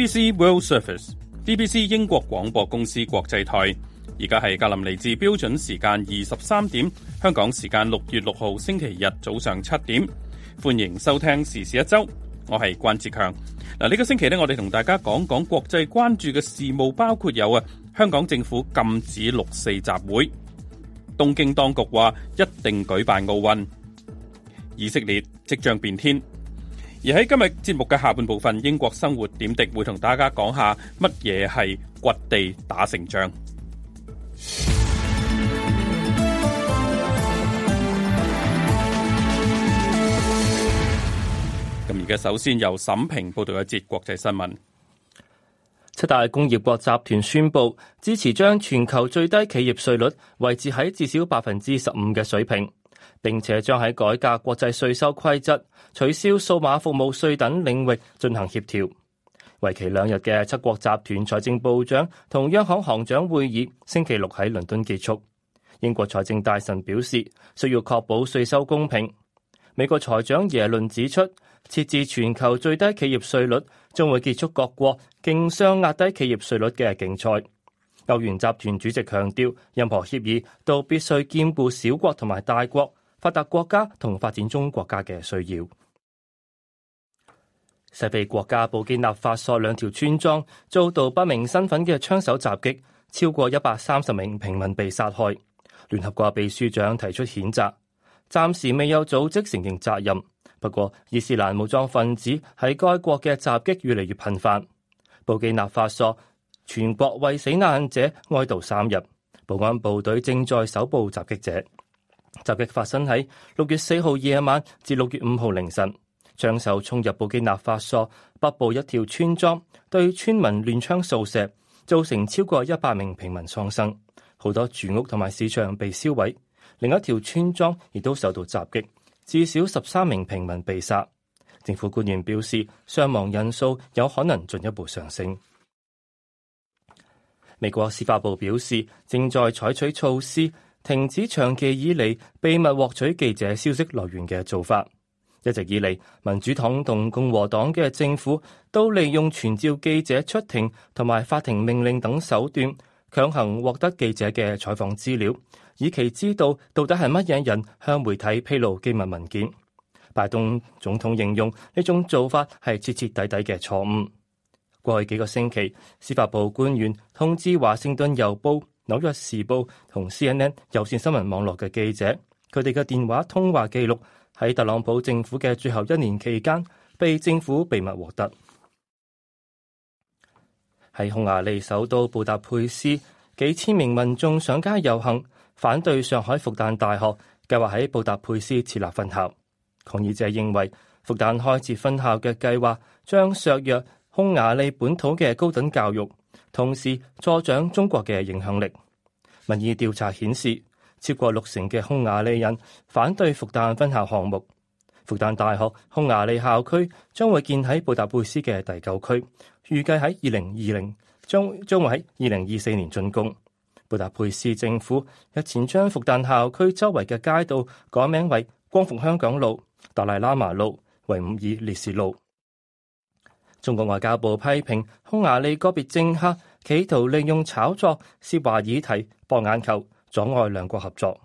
BBC World Service，BBC 英國廣播公司國際台，而家係格林尼治標準時間二十三點，香港時間六月六號星期日早上七點，歡迎收聽時事一周，我係關志強。嗱，呢個星期咧，我哋同大家講講國際關注嘅事務，包括有啊，香港政府禁止六四集會，東京當局話一定舉辦奧運，以色列即將變天。而喺今日節目嘅下半部分，英國生活點滴會同大家講下乜嘢係掘地打勝仗。咁而家首先由沈平報道一節國際新聞。七大工業國集團宣布支持將全球最低企業稅率維持喺至少百分之十五嘅水平。並且將喺改革國際稅收規則、取消數碼服務稅等領域進行協調。為期兩日嘅七國集團財政部長同央行行長會議星期六喺倫敦結束。英國財政大臣表示，需要確保稅收公平。美國財長耶倫指出，設置全球最低企業稅率，將會結束各國競相壓低企業稅率嘅競賽。歐元集團主席強調，任何協議都必須兼顧小國同埋大國。發達國家同發展中國家嘅需要。西非國家布基納法索兩條村莊遭到不明身份嘅槍手襲擊，超過一百三十名平民被殺害。聯合國秘書長提出譴責，暫時未有組織承認責任。不過，伊斯蘭武裝分子喺該國嘅襲擊越嚟越頻繁。布基納法索全國為死難者哀悼三日，保安部隊正在搜捕襲擊者。襲擊發生喺六月四號夜晚至六月五號凌晨，槍手衝入布基納法索北部一條村莊，對村民亂槍掃射，造成超過一百名平民喪生，好多住屋同埋市場被燒毀。另一條村莊亦都受到襲擊，至少十三名平民被殺。政府官員表示，傷亡人數有可能進一步上升。美國司法部表示，正在採取措施。停止長期以嚟秘密獲取記者消息來源嘅做法。一直以嚟，民主黨同共和黨嘅政府都利用傳召記者出庭同埋法庭命令等手段，強行獲得記者嘅採訪資料，以期知道到底係乜嘢人向媒體披露機密文件。拜登總統形容呢種做法係徹徹底底嘅錯誤。過去幾個星期，司法部官員通知華盛頓郵報，紐約時報同 CNN 有線新聞網絡嘅記者，佢哋嘅電話通話記錄喺特朗普政府嘅最後一年期間，被政府秘密獲得。喺匈牙利首都布達佩斯，幾千名民眾上街遊行，反對上海復旦大學計劃喺布達佩斯設立分校。抗議者認為，復旦開設分校嘅計劃將削弱匈牙利本土嘅高等教育。同時助長中國嘅影響力。民意調查顯示，超過六成嘅匈牙利人反對復旦分校項目。復旦大學匈牙利校區將會建喺布達佩斯嘅第九區，預計喺二零二零將，將會喺二零二四年竣工。布達佩斯政府日前將復旦校區周圍嘅街道改名為光復香港路、達賴喇嘛路、維吾爾烈士路。中國外交部批評匈牙利個別政客企圖利用炒作涉華議題博眼球，阻礙兩國合作。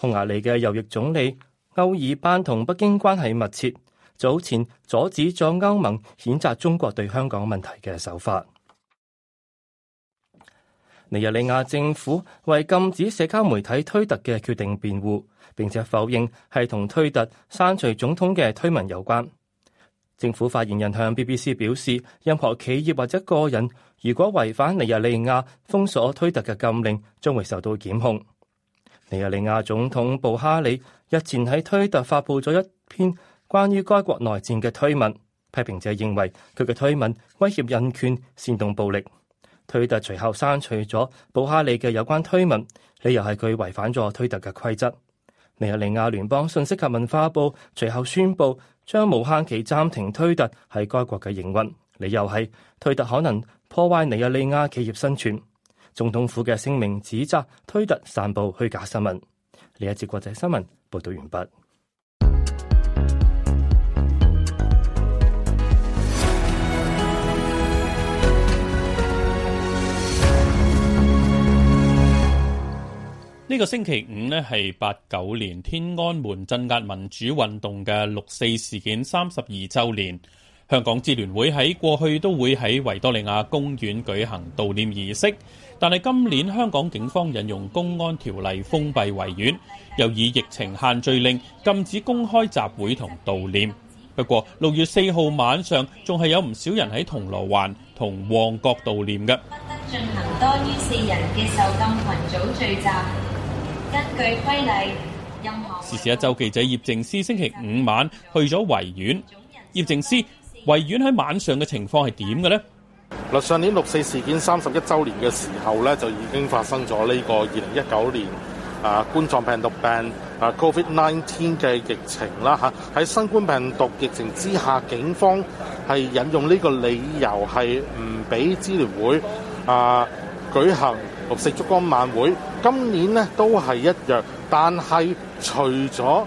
匈牙利嘅右翼總理歐爾班同北京關係密切，早前阻止咗歐盟譴責中國對香港問題嘅手法。尼日利亞政府為禁止社交媒體推特嘅決定辯護，並且否認係同推特刪除總統嘅推文有關。政府發言人向 BBC 表示，任何企業或者個人如果違反尼日利亞封鎖推特嘅禁令，將會受到檢控。尼日利亞總統布哈里日前喺推特發布咗一篇關於該國內戰嘅推文，批評者認為佢嘅推文威脅人權、煽動暴力。推特隨後刪除咗布哈里嘅有關推文，理由係佢違反咗推特嘅規則。尼日利亞聯邦信息及文化部隨後宣布，將無限期暫停推特係該國嘅營運，理由係推特可能破壞尼日利亞企業生存。總統府嘅聲明指責推特散布虛假新聞。呢一節國際新聞報道完畢。呢個星期五呢，係八九年天安門鎮壓民主運動嘅六四事件三十二周年。香港支聯會喺過去都會喺維多利亞公園舉行悼念儀式，但係今年香港警方引用公安條例封閉維園，又以疫情限聚令禁止公開集會同悼念。不過六月四號晚上仲係有唔少人喺銅鑼灣同旺角悼念嘅。不得進行多於四人嘅受禁群組聚集。時事一週記者葉靜思星期五晚去咗維園，葉靜思，維園喺晚上嘅情況係點嘅呢？嗱，上年六四事件三十一週年嘅時候咧，就已經發生咗呢個二零一九年啊冠狀病毒病啊 Covid nineteen 嘅疫情啦嚇。喺新冠病毒疫情之下，警方係引用呢個理由係唔俾支聯會啊、呃、舉行。六四燭光晚會今年咧都係一樣，但係除咗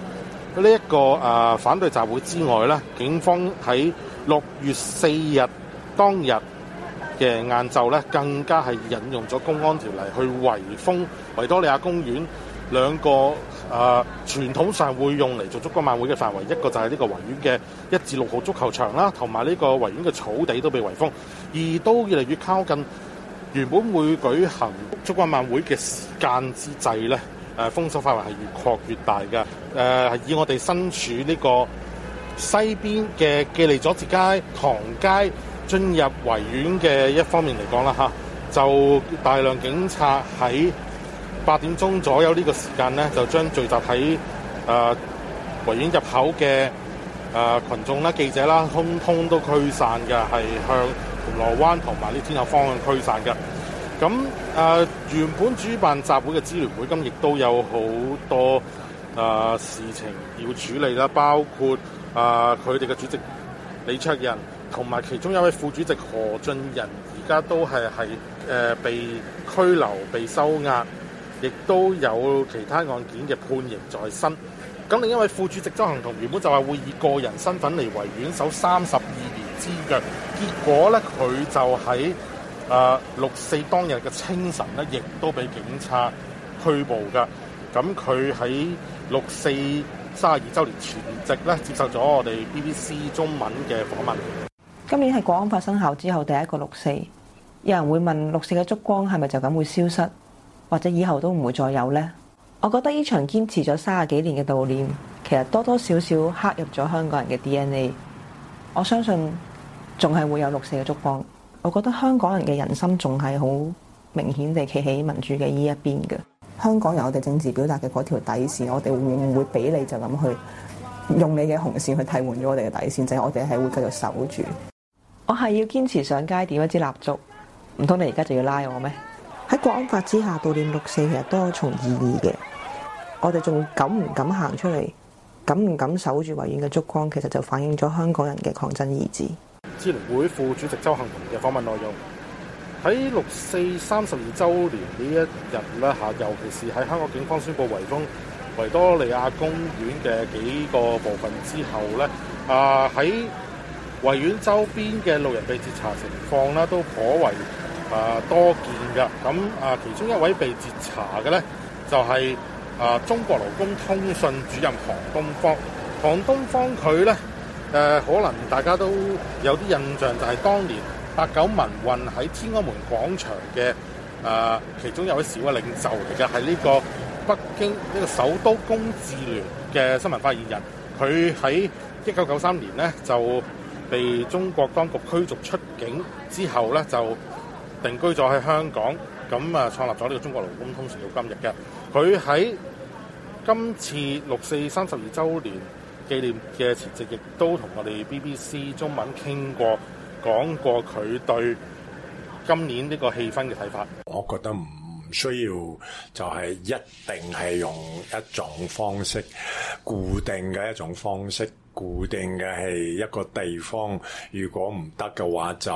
呢一個啊、呃、反對集會之外咧，警方喺六月四日當日嘅晏晝咧，更加係引用咗公安條例去圍封維多利亞公園兩個啊傳、呃、統上會用嚟做燭光晚會嘅範圍，一個就係呢個維園嘅一至六號足球場啦，同埋呢個維園嘅草地都被圍封，而都越嚟越靠近。原本會舉行燭光晚會嘅時間之際咧，誒封鎖範圍係越擴越大嘅。誒、呃、以我哋身處呢個西邊嘅記利佐治街、唐街進入維園嘅一方面嚟講啦，嚇就大量警察喺八點鐘左右呢個時間咧，就將聚集喺誒維園入口嘅誒羣眾啦、記者啦，通通都驅散嘅，係向銅鑼灣同埋呢天后方向驅散嘅，咁誒、呃、原本主辦集會嘅支聯會，今亦都有好多誒、呃、事情要處理啦，包括誒佢哋嘅主席李卓人，同埋其中一位副主席何俊仁，而家都係係誒被拘留、被收押，亦都有其他案件嘅判刑在身。咁另一位副主席鄒幸彤原本就係會以個人身份嚟維園守三十二年。知嘅，結果咧，佢就喺啊六四當日嘅清晨咧，亦都俾警察拘捕嘅。咁佢喺六四卅二週年前夕咧，接受咗我哋 BBC 中文嘅訪問。今年係《國安法》生效之後第一個六四，有人會問：「六四嘅燭光係咪就咁會消失，或者以後都唔會再有呢？」我覺得呢場堅持咗卅幾年嘅悼念，其實多多少少刻入咗香港人嘅 DNA。我相信。仲係會有六四嘅燭光，我覺得香港人嘅人心仲係好明顯地企喺民主嘅呢一邊嘅。香港人，我哋政治表達嘅嗰條底線，我哋會唔會俾你就咁去用你嘅紅線去替換咗我哋嘅底線？就係我哋係會繼續守住。我係要堅持上街點一支蠟燭，唔通你而家就要拉我咩？喺國安法之下悼念六四其實都有一重意義嘅。我哋仲敢唔敢行出嚟，敢唔敢守住維園嘅燭光，其實就反映咗香港人嘅抗爭意志。支聯會副主席鄒幸彤嘅訪問內容喺六四三十二週年呢一日啦嚇，尤其是喺香港警方宣布圍封維多利亞公園嘅幾個部分之後咧，啊喺維園周邊嘅路人被截查情況咧都頗為啊多見嘅。咁啊，其中一位被截查嘅咧就係、是、啊、呃、中國勞工通訊主任韓東方。韓東方佢咧。誒、呃、可能大家都有啲印象，就係、是、當年八九民運喺天安門廣場嘅啊、呃，其中有一位小嘅領袖嚟嘅，係呢個北京呢、這個首都工自聯嘅新聞發言人。佢喺一九九三年呢就被中國當局驅逐出境之後呢就定居咗喺香港，咁啊創立咗呢個中國勞工通訊到今日嘅。佢喺今次六四三十二周年，紀念嘅前夕，亦都同我哋 BBC 中文傾過，講過佢對今年呢個氣氛嘅睇法。我覺得唔需要，就係一定係用一種方式固定嘅一種方式，固定嘅係一,一個地方。如果唔得嘅話就，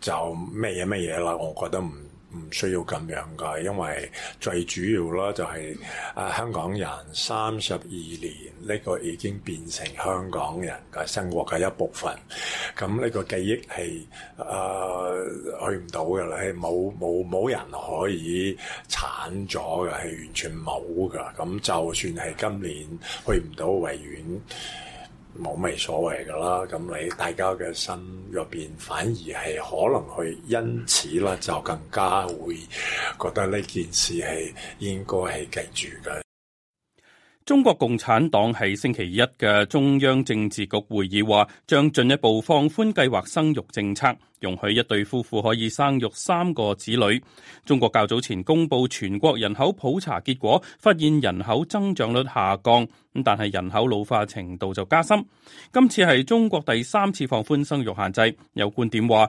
就就咩嘢咩嘢啦？我覺得唔唔需要咁樣㗎，因為最主要啦，就係啊香港人三十二年。呢個已經變成香港人嘅生活嘅一部分，咁呢個記憶係啊、呃、去唔到嘅啦，係冇冇冇人可以剷咗嘅，係完全冇噶。咁就算係今年去唔到維園，冇咩所謂噶啦。咁你大家嘅心入邊，反而係可能去因此啦，就更加會覺得呢件事係應該係記住嘅。中國共產黨喺星期一嘅中央政治局會議話，將進一步放寬計劃生育政策，容許一對夫婦可以生育三個子女。中國較早前公布全國人口普查結果，發現人口增長率下降，但係人口老化程度就加深。今次係中國第三次放寬生育限制，有觀點話，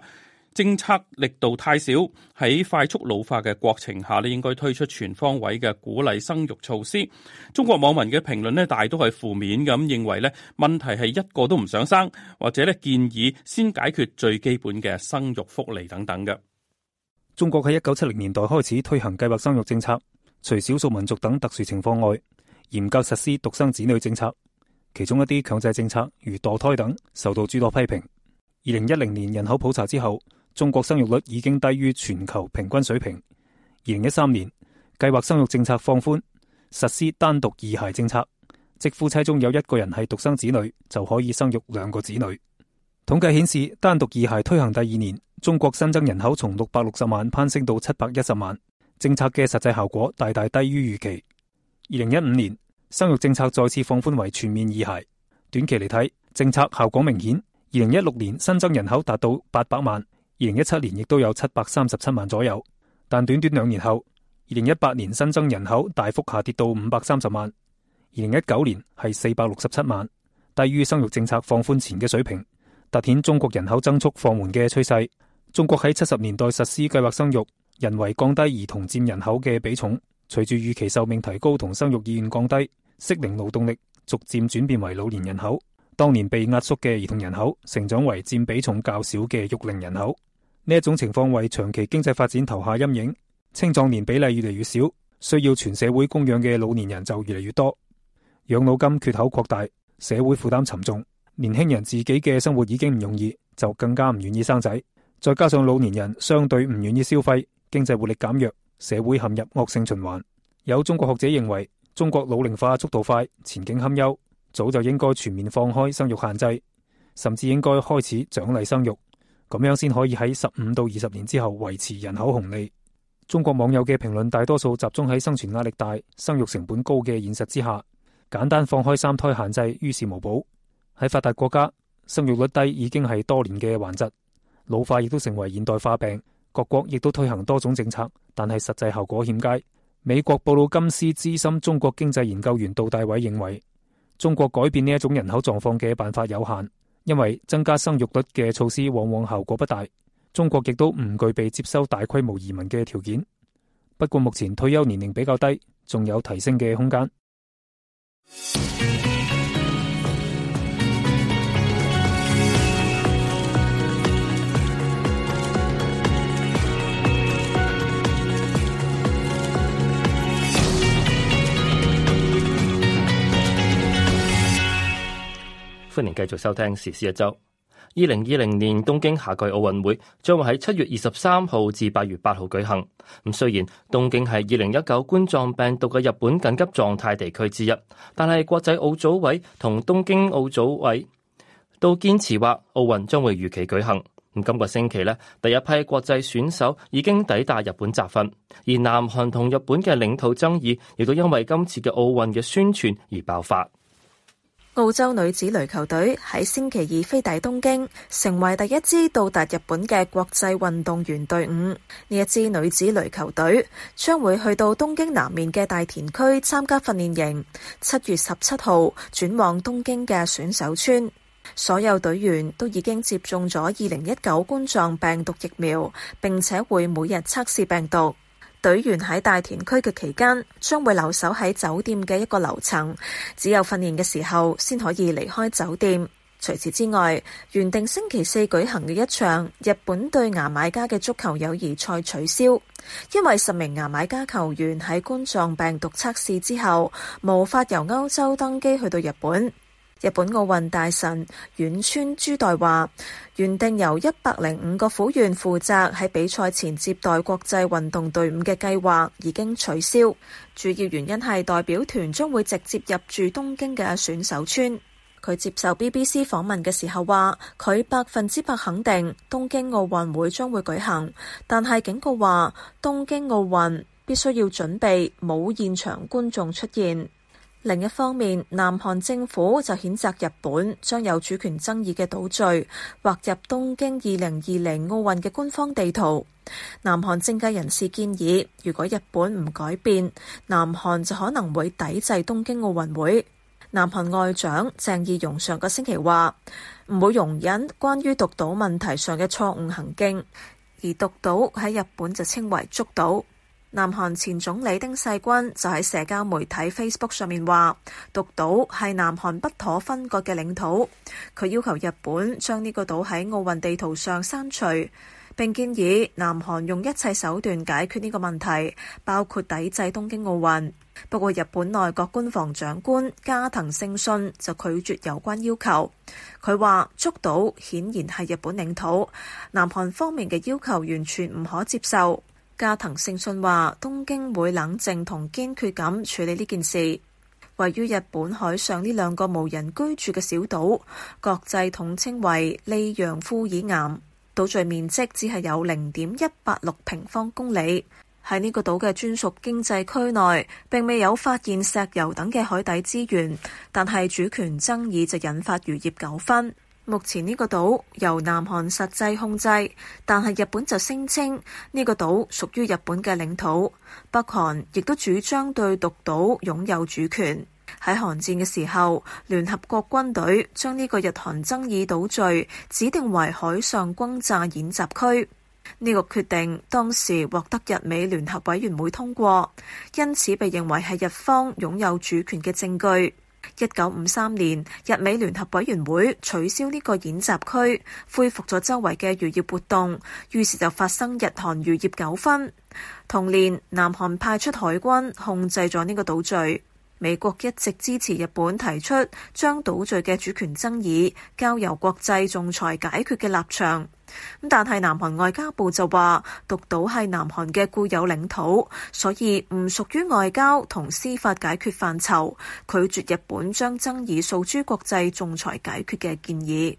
政策力度太少，喺快速老化嘅國情下咧，應該推出全方位嘅鼓勵生育措施。中國網民嘅評論呢，大都係負面咁，認為呢問題係一個都唔想生，或者呢建議先解決最基本嘅生育福利等等嘅。中國喺一九七零年代開始推行計劃生育政策，除少數民族等特殊情況外，研究實施獨生子女政策。其中一啲強制政策，如墮胎等，受到諸多批評。二零一零年人口普查之後。中國生育率已經低於全球平均水平。二零一三年計劃生育政策放寬，實施單獨二孩政策，即夫妻中有一個人係獨生子女就可以生育兩個子女。統計顯示，單獨二孩推行第二年，中國新增人口從六百六十萬攀升到七百一十萬，政策嘅實際效果大大低於預期。二零一五年生育政策再次放寬為全面二孩，短期嚟睇，政策效果明顯。二零一六年新增人口達到八百萬。二零一七年亦都有七百三十七萬左右，但短短兩年後，二零一八年新增人口大幅下跌到五百三十萬。二零一九年係四百六十七萬，低於生育政策放寬前嘅水平，凸顯中國人口增速放緩嘅趨勢。中國喺七十年代實施計劃生育，人為降低兒童佔人口嘅比重。隨住預期壽命提高同生育意願降低，適齡勞動力逐漸轉變為老年人口。當年被壓縮嘅兒童人口，成長為佔比重較少嘅育齡人口。呢一種情況為長期經濟發展投下陰影，青壯年比例越嚟越少，需要全社會供養嘅老年人就越嚟越多，養老金缺口擴大，社會負擔沉重，年輕人自己嘅生活已經唔容易，就更加唔願意生仔。再加上老年人相對唔願意消費，經濟活力減弱，社會陷入惡性循環。有中國學者認為，中國老齡化速度快，前景堪憂，早就應該全面放開生育限制，甚至應該開始獎勵生育。咁樣先可以喺十五到二十年之後維持人口紅利。中國網友嘅評論大多數集中喺生存壓力大、生育成本高嘅現實之下，簡單放開三胎限制，於事無補。喺發達國家，生育率低已經係多年嘅頑疾，老化亦都成為現代化病。各國亦都推行多種政策，但係實際效果欠佳。美國布魯金斯資深中國經濟研究員杜大偉認為，中國改變呢一種人口狀況嘅辦法有限。因為增加生育率嘅措施往往效果不大，中國亦都唔具備接收大規模移民嘅條件。不過目前退休年齡比較低，仲有提升嘅空間。歡迎繼續收聽時事一周。二零二零年東京夏季奧運會將會喺七月二十三號至八月八號舉行。咁雖然東京係二零一九冠狀病毒嘅日本緊急狀態地區之一，但係國際奧組委同東京奧組委都堅持話奧運將會如期舉行。咁今個星期呢，第一批國際選手已經抵達日本集訓，而南韓同日本嘅領土爭議亦都因為今次嘅奧運嘅宣傳而爆發。澳洲女子壘球隊喺星期二飛抵東京，成為第一支到達日本嘅國際運動員隊伍。呢一支女子壘球隊將會去到東京南面嘅大田區參加訓練營，七月十七號轉往東京嘅選手村。所有隊員都已經接種咗二零一九冠狀病毒疫苗，並且會每日測試病毒。隊員喺大田區嘅期間，將會留守喺酒店嘅一個樓層，只有訓練嘅時候先可以離開酒店。除此之外，原定星期四舉行嘅一場日本對牙買加嘅足球友誼賽取消，因為十名牙買加球員喺冠狀病毒測試之後，無法由歐洲登機去到日本。日本奧運大臣丸川珠代話，原定由一百零五個府縣負責喺比賽前接待國際運動隊伍嘅計劃已經取消，主要原因係代表團將會直接入住東京嘅選手村。佢接受 BBC 訪問嘅時候話，佢百分之百肯定東京奧運會將會舉行，但係警告話，東京奧運必須要準備冇現場觀眾出現。另一方面，南韓政府就譴責日本將有主權爭議嘅島嶼劃入東京二零二零奧運嘅官方地圖，南韓政界人士建議，如果日本唔改變，南韓就可能會抵制東京奧運會，南韓外長鄭義溶上個星期話唔會容忍關於獨島問題上嘅錯誤行徑，而獨島喺日本就稱為竹島。南韓前總理丁世君就喺社交媒體 Facebook 上面話：獨島係南韓不可分割嘅領土。佢要求日本將呢個島喺奧運地圖上刪除，並建議南韓用一切手段解決呢個問題，包括抵制東京奧運。不過，日本內閣官房長官加藤勝信就拒絕有關要求。佢話：竹島顯然係日本領土，南韓方面嘅要求完全唔可接受。加藤勝信話：東京會冷靜同堅決咁處理呢件事。位於日本海上呢兩個無人居住嘅小島，國際統稱為利揚夫爾岩，島嶼面積只係有零點一八六平方公里。喺呢個島嘅專屬經濟區內，並未有發現石油等嘅海底資源，但係主權爭議就引發漁業糾紛。目前呢個島由南韓實際控制，但係日本就聲稱呢個島屬於日本嘅領土。北韓亦都主張對獨島擁有主權，喺韓戰嘅時候，聯合國軍隊將呢個日韓爭議島嶼指定為海上轟炸演習區，呢個決定當時獲得日美聯合委員會通過，因此被認為係日方擁有主權嘅證據。一九五三年，日美聯合委員會取消呢個演習區，恢復咗周圍嘅漁業活動，於是就發生日韓漁業糾紛，同年，南韓派出海軍控制咗呢個島嶼，美國一直支持日本提出將島嶼嘅主權爭議交由國際仲裁解決嘅立場。但係，南韓外交部就話獨島係南韓嘅固有領土，所以唔屬於外交同司法解決範疇，拒絕日本將爭議訴諸國際仲裁解決嘅建議。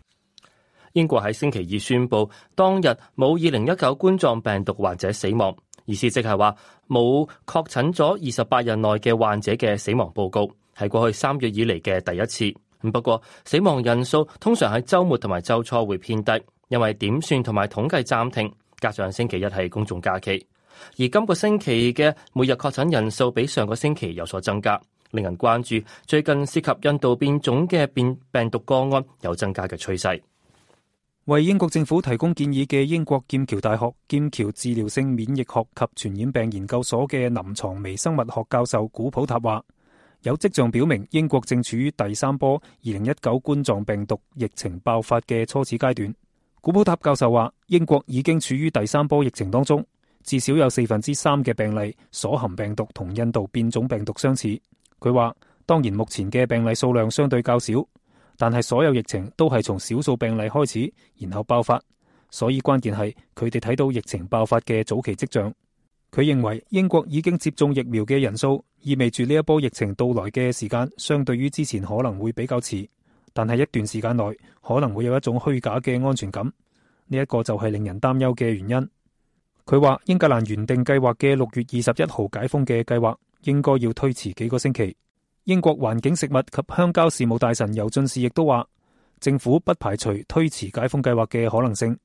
英國喺星期二宣布，當日冇二零一九冠狀病毒患者死亡，意思即係話冇確診咗二十八日內嘅患者嘅死亡報告，係過去三月以嚟嘅第一次。不過死亡人數通常喺週末同埋週初會偏低。因為點算同埋統計暫停，加上星期一係公眾假期，而今個星期嘅每日確診人數比上個星期有所增加，令人關注。最近涉及印度變種嘅變病毒個案有增加嘅趨勢。為英國政府提供建議嘅英國劍橋大學劍橋治療性免疫學及傳染病研究所嘅臨牀微生物學教授古普塔話：有跡象表明，英國正處於第三波二零一九冠狀病毒疫情爆發嘅初始階段。古普塔教授話：英國已經處於第三波疫情當中，至少有四分之三嘅病例所含病毒同印度變種病毒相似。佢話：當然目前嘅病例數量相對較少，但係所有疫情都係從少數病例開始，然後爆發。所以關鍵係佢哋睇到疫情爆發嘅早期迹象。佢認為英國已經接種疫苗嘅人數意味住呢一波疫情到來嘅時間，相對於之前可能會比較遲。但係一段時間內可能會有一種虛假嘅安全感，呢、這、一個就係令人擔憂嘅原因。佢話英格蘭原定計劃嘅六月二十一號解封嘅計劃應該要推遲幾個星期。英國環境、食物及鄉郊事務大臣尤俊士亦都話，政府不排除推遲解封計劃嘅可能性。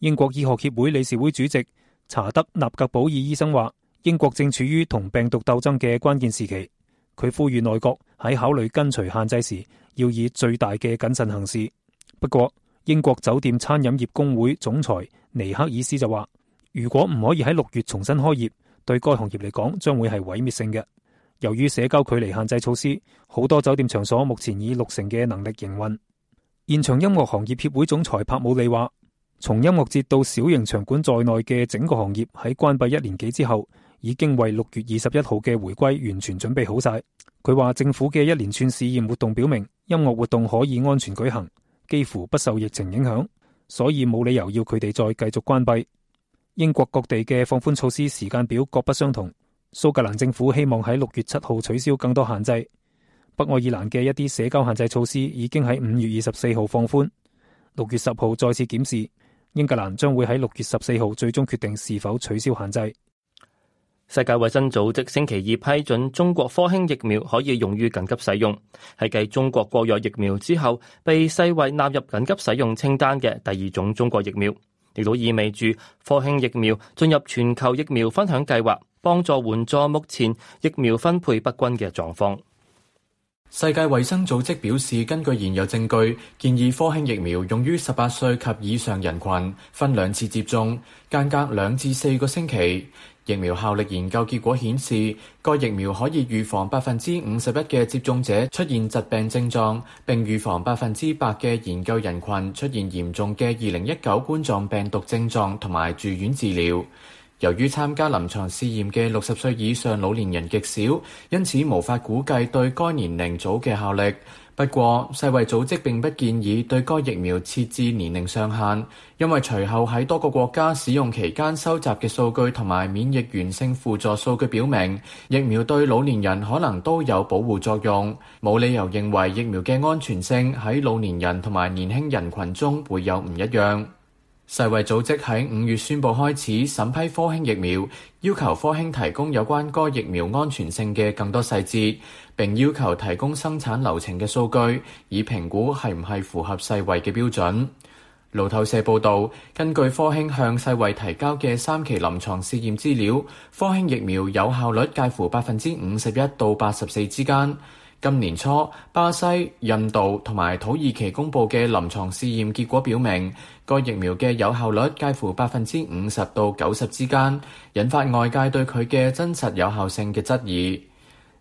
英國醫學協會理事會主席查德納格保爾醫生話，英國正處於同病毒鬥爭嘅關鍵時期，佢呼籲內閣。喺考慮跟隨限制時，要以最大嘅謹慎行事。不過，英國酒店餐飲業工會總裁尼克爾斯就話，如果唔可以喺六月重新開業，對該行業嚟講將會係毀滅性嘅。由於社交距離限制措施，好多酒店場所目前以六成嘅能力營運。現場音樂行業協會總裁帕姆利話，從音樂節到小型場館在內嘅整個行業喺關閉一年幾之後。已經為六月二十一號嘅回歸完全準備好晒。佢話政府嘅一連串試驗活動表明，音樂活動可以安全舉行，幾乎不受疫情影響，所以冇理由要佢哋再繼續關閉。英國各地嘅放寬措施時間表各不相同。蘇格蘭政府希望喺六月七號取消更多限制。北愛爾蘭嘅一啲社交限制措施已經喺五月二十四號放寬，六月十號再次檢視。英格蘭將會喺六月十四號最終決定是否取消限制。世界衛生組織星期二批准，中國科興疫苗可以用於緊急使用，係繼中國國藥疫苗之後被世衛納入緊急使用清單嘅第二種中國疫苗。亦都意味住科興疫苗進入全球疫苗分享計劃，幫助援助目前疫苗分配不均嘅狀況。世界衛生組織表示，根據現有證據，建議科興疫苗用於十八歲及以上人群，分兩次接種，間隔兩至四個星期。疫苗效力研究結果顯示，該疫苗可以預防百分之五十一嘅接種者出現疾病症狀，並預防百分之百嘅研究人群出現嚴重嘅二零一九冠狀病毒症狀同埋住院治療。由於參加臨床試驗嘅六十歲以上老年人極少，因此無法估計對該年齡組嘅效力。不過，世衛組織並不建議對該疫苗設置年齡上限，因為隨後喺多個國家使用期間收集嘅數據同埋免疫原性輔助數據表明，疫苗對老年人可能都有保護作用，冇理由認為疫苗嘅安全性喺老年人同埋年輕人群中會有唔一樣。世衛組織喺五月宣布開始審批科興疫苗，要求科興提供有關該疫苗安全性嘅更多細節，並要求提供生產流程嘅數據，以評估係唔係符合世衛嘅標準。路透社報道，根據科興向世衛提交嘅三期臨床試驗資料，科興疫苗有效率介乎百分之五十一到八十四之間。今年初，巴西、印度同埋土耳其公布嘅臨床試驗結果表明，該疫苗嘅有效率介乎百分之五十到九十之間，引發外界對佢嘅真實有效性嘅質疑。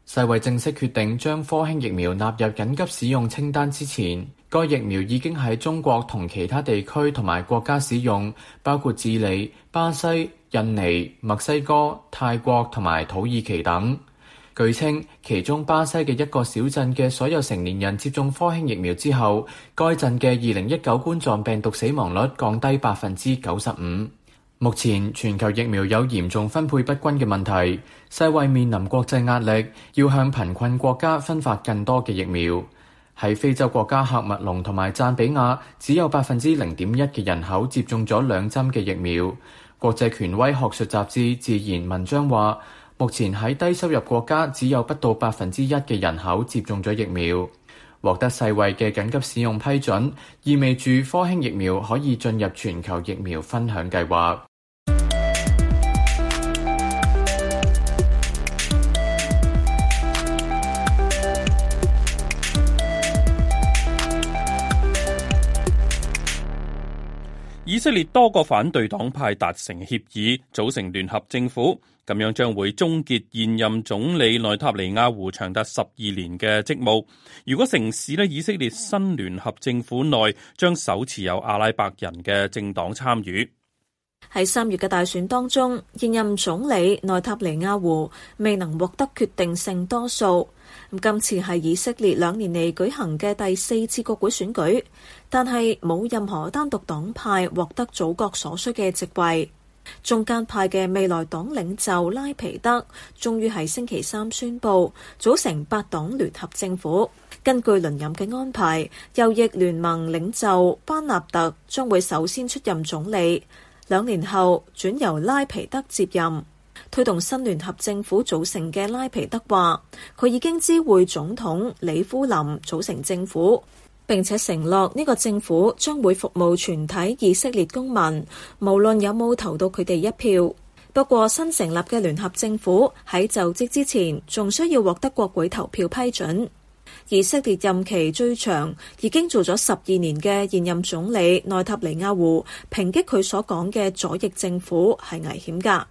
世衛正式決定將科興疫苗納入緊急使用清單之前，該疫苗已經喺中國同其他地區同埋國家使用，包括智利、巴西、印尼、墨西哥、泰國同埋土耳其等。據稱，其中巴西嘅一個小鎮嘅所有成年人接種科興疫苗之後，該鎮嘅二零一九冠狀病毒死亡率降低百分之九十五。目前全球疫苗有嚴重分配不均嘅問題，世衛面臨國際壓力，要向貧困國家分發更多嘅疫苗。喺非洲國家喀麥隆同埋贊比亞，只有百分之零點一嘅人口接種咗兩針嘅疫苗。國際權威學術雜誌《自然》文章話：目前喺低收入國家，只有不到百分之一嘅人口接種咗疫苗，獲得世衛嘅緊急使用批准，意味住科興疫苗可以進入全球疫苗分享計劃。以色列多個反對黨派達成協議，組成聯合政府。咁樣將會終結現任總理內塔尼亞胡長達十二年嘅職務。如果成事咧，以色列新聯合政府內將首次有阿拉伯人嘅政黨參與。喺三月嘅大選當中，現任總理內塔尼亞胡未能獲得決定性多數。今次係以色列兩年嚟舉行嘅第四次國會選舉，但係冇任何單獨黨派獲得祖國所需嘅席位。中間派嘅未來黨領袖拉皮德，終於係星期三宣布組成八黨聯合政府。根據輪任嘅安排，右翼聯盟領袖班納特將會首先出任總理，兩年後轉由拉皮德接任。推動新聯合政府組成嘅拉皮德話，佢已經知會總統李夫林組成政府，並且承諾呢個政府將會服務全體以色列公民，無論有冇投到佢哋一票。不過新成立嘅聯合政府喺就職之前，仲需要獲得國會投票批准。以色列任期最長已經做咗十二年嘅現任總理內塔尼亞胡，抨擊佢所講嘅左翼政府係危險㗎。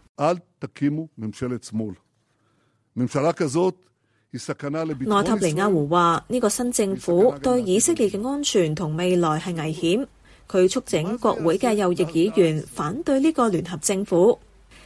內塔尼亞胡話呢個新政府對以色列嘅安全同未來係危險，佢促整國會嘅右翼議員反對呢個聯合政府。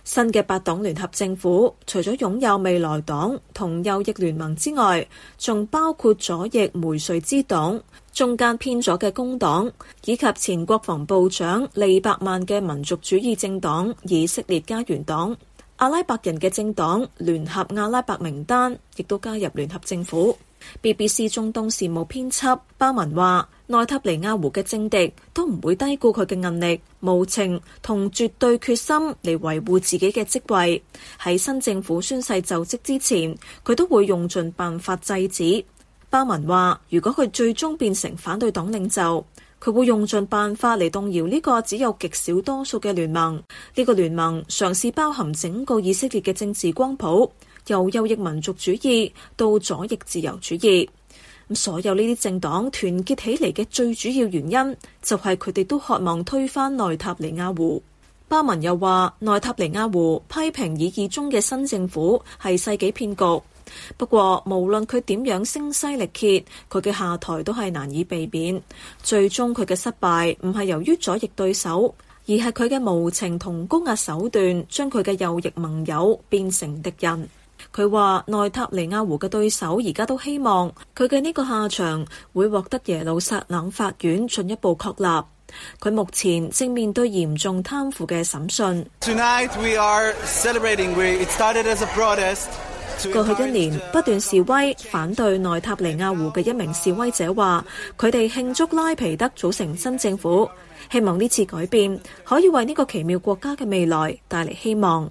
新嘅八黨聯合政府除咗擁有未來黨同右翼聯盟之外，仲包括左翼梅瑞之黨、中間偏左嘅工黨，以及前國防部長利伯曼嘅民族主義政黨以色列家園黨。阿拉伯人嘅政黨聯合阿拉伯名單亦都加入聯合政府。BBC 中東事務編輯巴文話，內塔尼亞胡嘅政敵都唔會低估佢嘅能力、無情同絕對決心嚟維護自己嘅職位。喺新政府宣誓就職之前，佢都會用盡辦法制止。巴文話，如果佢最終變成反對黨領袖，佢會用盡辦法嚟動搖呢個只有極少多數嘅聯盟，呢個聯盟嘗試包含整個以色列嘅政治光譜，由右翼民族主義到左翼自由主義。所有呢啲政黨團結起嚟嘅最主要原因，就係佢哋都渴望推翻內塔尼亞胡。巴文又話，內塔尼亞胡批評以議中嘅新政府係世紀騙局。不過，無論佢點樣聲嘶力竭，佢嘅下台都係難以避免。最終佢嘅失敗唔係由於左翼對手，而係佢嘅無情同高壓手段將佢嘅右翼盟友變成敵人。佢話內塔尼亞胡嘅對手而家都希望佢嘅呢個下場會獲得耶路撒冷法院進一步確立。佢目前正面對嚴重貪腐嘅審訊。過去一年不斷示威反對內塔尼亞胡嘅一名示威者話：佢哋慶祝拉皮德組成新政府，希望呢次改變可以為呢個奇妙國家嘅未來帶嚟希望。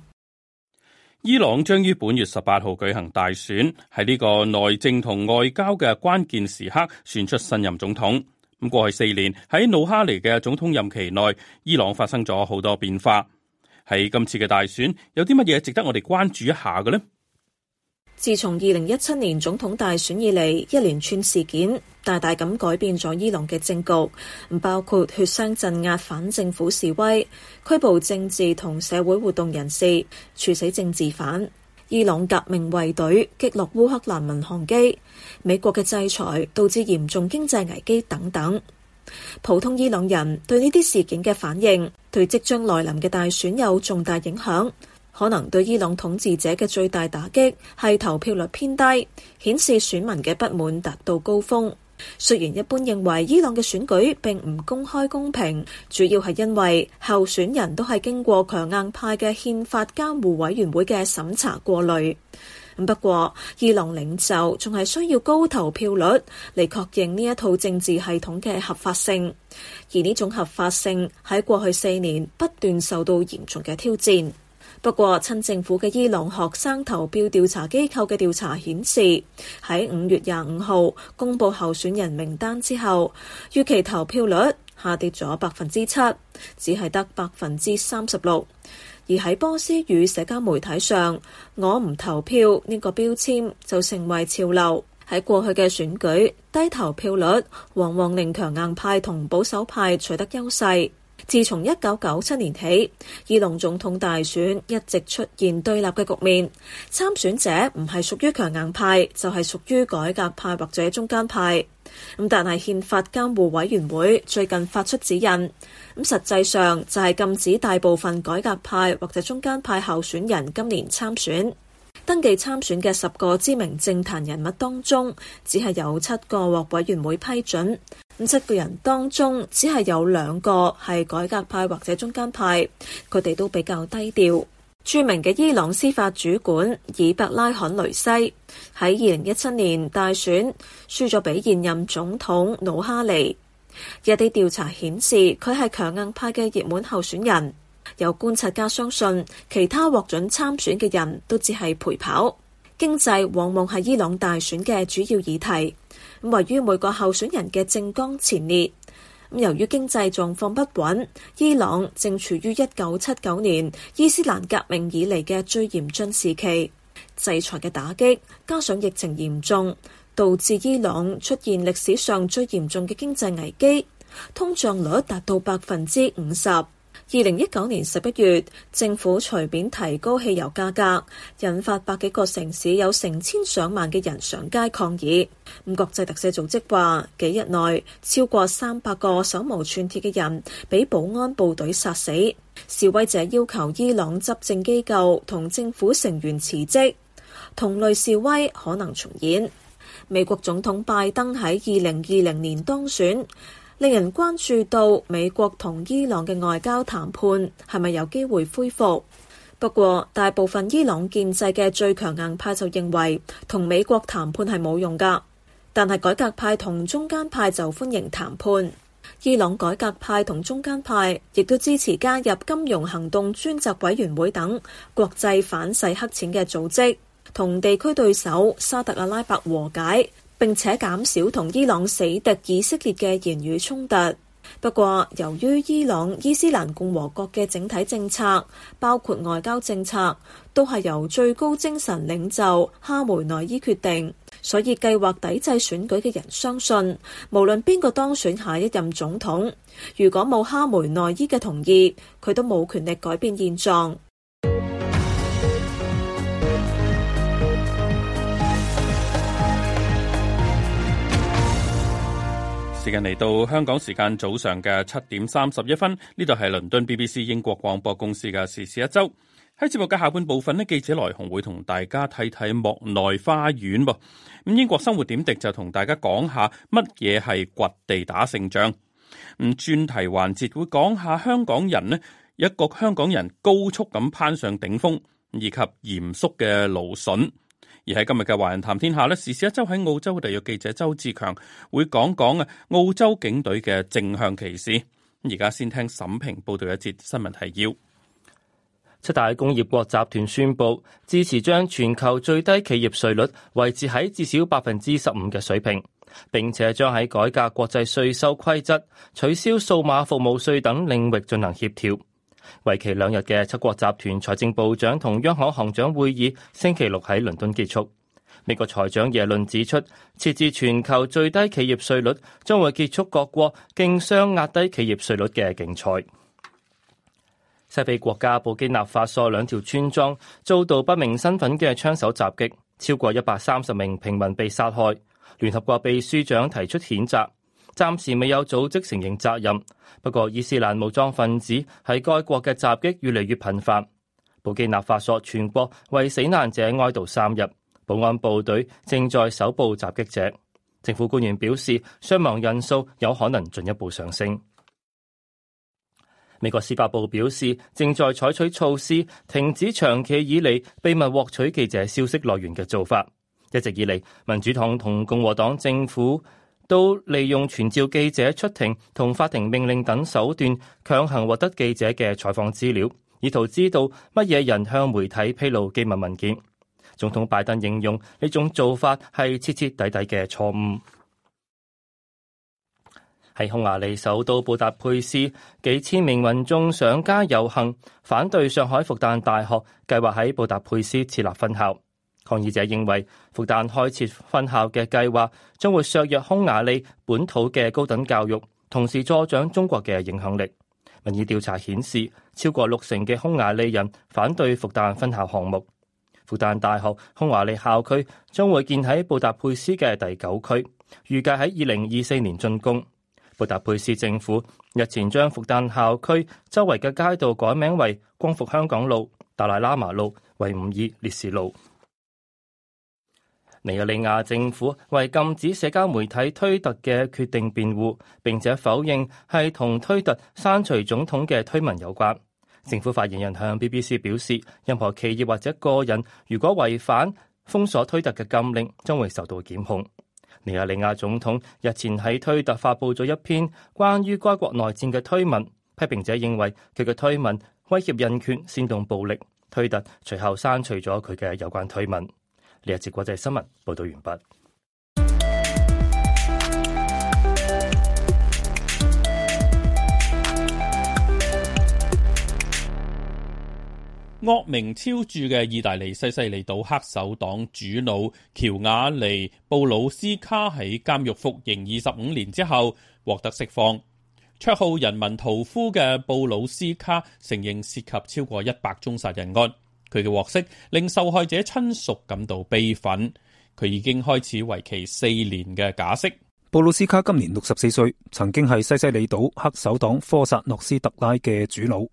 伊朗將於本月十八號舉行大選，喺呢個內政同外交嘅關鍵時刻選出新任總統。咁過去四年喺努哈尼嘅總統任期內，伊朗發生咗好多變化。喺今次嘅大選，有啲乜嘢值得我哋關注一下嘅呢？自從二零一七年總統大選以嚟，一連串事件大大咁改變咗伊朗嘅政局，唔包括血腥鎮壓反政府示威、拘捕政治同社會活動人士、處死政治犯、伊朗革命衛隊擊落烏克蘭民航機、美國嘅制裁導致嚴重經濟危機等等。普通伊朗人對呢啲事件嘅反應，對即將來臨嘅大選有重大影響。可能對伊朗統治者嘅最大打擊係投票率偏低，顯示選民嘅不滿達到高峰。雖然一般認為伊朗嘅選舉並唔公開公平，主要係因為候選人都係經過強硬派嘅憲法監護委員會嘅審查過濾。不過，伊朗領袖仲係需要高投票率嚟確認呢一套政治系統嘅合法性，而呢種合法性喺過去四年不斷受到嚴重嘅挑戰。不過，親政府嘅伊朗學生投票調查機構嘅調查顯示，喺五月廿五號公布候選人名單之後，預期投票率下跌咗百分之七，只係得百分之三十六。而喺波斯語社交媒體上，我唔投票呢個標籤就成為潮流。喺過去嘅選舉，低投票率往往令強硬派同保守派取得優勢。自從一九九七年起，伊朗總統大選一直出現對立嘅局面，參選者唔係屬於強硬派，就係、是、屬於改革派或者中間派。但係憲法監護委員會最近發出指引，咁實際上就係禁止大部分改革派或者中間派候選人今年參選。登記參選嘅十個知名政壇人物當中，只係有七個獲委員會批准。咁七個人當中，只係有兩個係改革派或者中間派，佢哋都比較低調。著名嘅伊朗司法主管以伯拉罕·雷西喺二零一七年大選輸咗俾現任總統魯哈尼。一啲調查顯示，佢係強硬派嘅熱門候選人。有觀察家相信，其他獲准參選嘅人都只係陪跑。經濟往往係伊朗大選嘅主要議題。位於每個候選人嘅政綱前列。由於經濟狀況不穩，伊朗正處於一九七九年伊斯蘭革命以嚟嘅最嚴峻時期。制裁嘅打擊，加上疫情嚴重，導致伊朗出現歷史上最嚴重嘅經濟危機，通脹率達到百分之五十。二零一九年十一月，政府隨便提高汽油價格，引發百幾個城市有成千上萬嘅人上街抗議。咁國際特赦組織話，幾日內超過三百個手無寸鐵嘅人被保安部隊殺死。示威者要求伊朗執政機構同政府成員辭職。同類示威可能重演。美國總統拜登喺二零二零年當選。令人關注到美國同伊朗嘅外交談判係咪有機會恢復？不過大部分伊朗建制嘅最強硬派就認為同美國談判係冇用㗎，但係改革派同中間派就歡迎談判。伊朗改革派同中間派亦都支持加入金融行動專責委員會等國際反洗黑錢嘅組織，同地區對手沙特阿拉伯和解。並且減少同伊朗死敵以色列嘅言語衝突。不過，由於伊朗、伊斯蘭共和國嘅整體政策，包括外交政策，都係由最高精神領袖哈梅內伊決定，所以計劃抵制選舉嘅人相信，無論邊個當選下一任總統，如果冇哈梅內伊嘅同意，佢都冇權力改變現狀。時間嚟到香港時間早上嘅七點三十一分，呢度係倫敦 BBC 英國廣播公司嘅時事一周。喺節目嘅下半部分咧，記者來鴻會同大家睇睇莫奈花園噃。咁英國生活點滴就同大家講下乜嘢係掘地打勝仗。咁專題環節會講下香港人咧，一個香港人高速咁攀上頂峰，以及嚴肅嘅蘆筍。而喺今日嘅華人談天下呢，時事一周喺澳洲嘅地約記者周志強會講講啊澳洲警隊嘅正向歧視。而家先聽沈平報道一節新聞提要。七大工業國集團宣布支持將全球最低企業稅率維持喺至少百分之十五嘅水平，並且將喺改革國際稅收規則、取消數碼服務稅等領域進行協調。為期兩日嘅七國集團財政部長同央行行長會議星期六喺倫敦結束。美國財長耶倫指出，設置全球最低企業稅率將會結束各國競相壓低企業稅率嘅競賽。西非國家布基納法索兩條村莊遭到不明身份嘅槍手襲擊，超過一百三十名平民被殺害。聯合國秘書長提出譴責。暫時未有組織承認責任，不過伊斯蘭武裝分子喺該國嘅襲擊越嚟越頻繁。布基納法索全國為死難者哀悼三日，保安部隊正在搜捕襲擊者。政府官員表示，傷亡人數有可能進一步上升。美國司法部表示，正在採取措施，停止長期以嚟秘密獲取記者消息來源嘅做法。一直以嚟，民主黨同共和黨政府都利用傳召記者出庭同法庭命令等手段強行獲得記者嘅採訪資料，以圖知道乜嘢人向媒體披露機密文件。總統拜登形容呢種做法係徹徹底底嘅錯誤。喺匈牙利首都布達佩斯，幾千名民眾上街遊行，反對上海復旦大學計劃喺布達佩斯設立分校。抗議者認為，復旦開設分校嘅計劃將會削弱匈牙利本土嘅高等教育，同時助長中國嘅影響力。民意調查顯示，超過六成嘅匈牙利人反對復旦分校項目。復旦大學匈牙利校區將會建喺布達佩斯嘅第九區，預計喺二零二四年竣工。布達佩斯政府日前將復旦校區周圍嘅街道改名為光復香港路、達賴喇嘛路、維吾爾烈士路。尼日利亞政府為禁止社交媒體推特嘅決定辯護，並且否認係同推特刪除總統嘅推文有關。政府發言人向 BBC 表示，任何企業或者個人如果違反封鎖推特嘅禁令，將會受到檢控。尼日利亞總統日前喺推特發布咗一篇關於該國內戰嘅推文，批評者認為佢嘅推文威脅人權、煽動暴力。推特隨後刪除咗佢嘅有關推文。呢一節國際新聞報道完畢。惡名昭著嘅意大利西西里島黑手黨主腦喬瓦尼布魯斯卡喺監獄服刑二十五年之後獲得釋放。綽號“人民屠夫”嘅布魯斯卡承認涉，涉及超過一百宗殺人案。佢嘅獲釋令受害者親屬感到悲憤，佢已經開始為期四年嘅假釋。布魯斯卡今年六十四歲，曾經係西西里島黑手黨科薩諾斯特拉嘅主腦。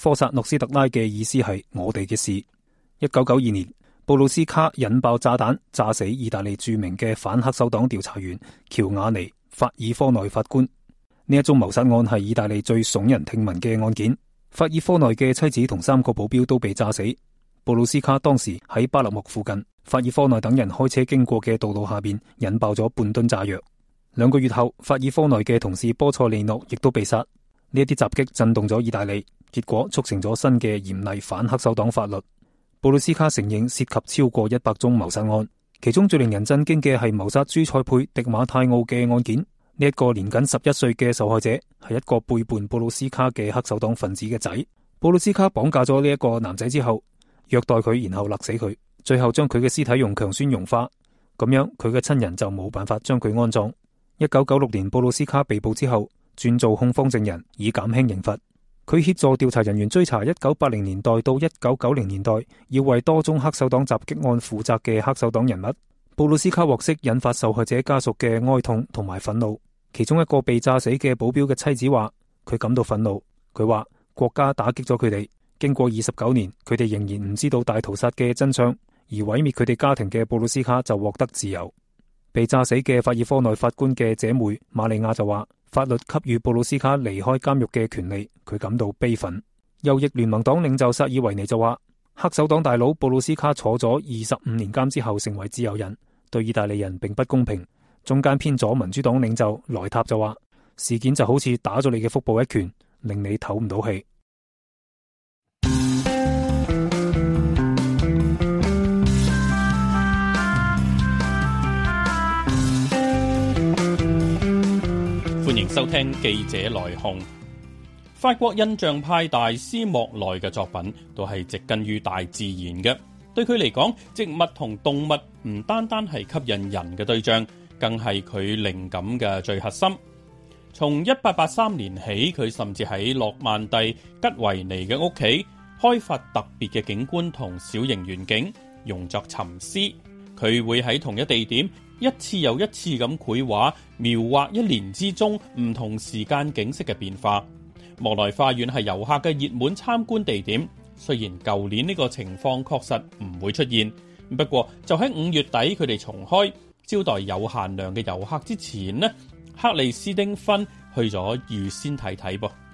科薩諾斯特拉嘅意思係我哋嘅事。一九九二年，布魯斯卡引爆炸彈炸死意大利著名嘅反黑手黨調查員喬瓦尼法爾科內法官。呢一宗謀殺案係意大利最聳人聽聞嘅案件。法爾科內嘅妻子同三個保鏢都被炸死。布魯斯卡當時喺巴勒莫附近，法爾科內等人開車經過嘅道路下邊引爆咗半噸炸藥。兩個月後，法爾科內嘅同事波塞利諾亦都被殺。呢一啲襲擊震動咗意大利，結果促成咗新嘅嚴厲反黑手黨法律。布魯斯卡承認涉及超過一百宗謀殺案，其中最令人震驚嘅係謀殺朱塞佩·迪馬泰奧嘅案件。呢、這、一個年僅十一歲嘅受害者係一個背叛布魯斯卡嘅黑手黨分子嘅仔。布魯斯卡綁架咗呢一個男仔之後。虐待佢，然後勒死佢，最後將佢嘅屍體用強酸溶化，咁樣佢嘅親人就冇辦法將佢安葬。一九九六年布魯斯卡被捕之後，轉做控方證人，以減輕刑罰。佢協助調查人員追查一九八零年代到一九九零年代要為多宗黑手黨襲擊案負責嘅黑手黨人物。布魯斯卡獲釋，引發受害者家屬嘅哀痛同埋憤怒。其中一個被炸死嘅保鏢嘅妻子話，佢感到憤怒。佢話國家打擊咗佢哋。經過二十九年，佢哋仍然唔知道大屠殺嘅真相，而毀滅佢哋家庭嘅布魯斯卡就獲得自由。被炸死嘅法爾科內法官嘅姐妹瑪利亞就話：法律給予布魯斯卡離開監獄嘅權利，佢感到悲憤。右翼聯盟黨領袖薩爾維尼就話：黑手黨大佬布魯斯卡坐咗二十五年監之後成為自由人，對意大利人並不公平。中間偏左民主黨領袖萊塔就話：事件就好似打咗你嘅腹部一拳，令你唞唔到氣。收聽記者來鴻法國印象派大師莫奈嘅作品都係植根於大自然嘅。對佢嚟講，植物同動物唔單單係吸引人嘅對象，更係佢靈感嘅最核心。從一八八三年起，佢甚至喺諾曼蒂吉維尼嘅屋企開發特別嘅景觀同小型園景，用作沉思。佢會喺同一地點。一次又一次咁繪畫，描畫一年之中唔同時間景色嘅變化。莫奈花園係遊客嘅熱門參觀地點，雖然舊年呢個情況確實唔會出現，不過就喺五月底佢哋重開招待有限量嘅遊客之前呢，克里斯丁芬去咗預先睇睇噃。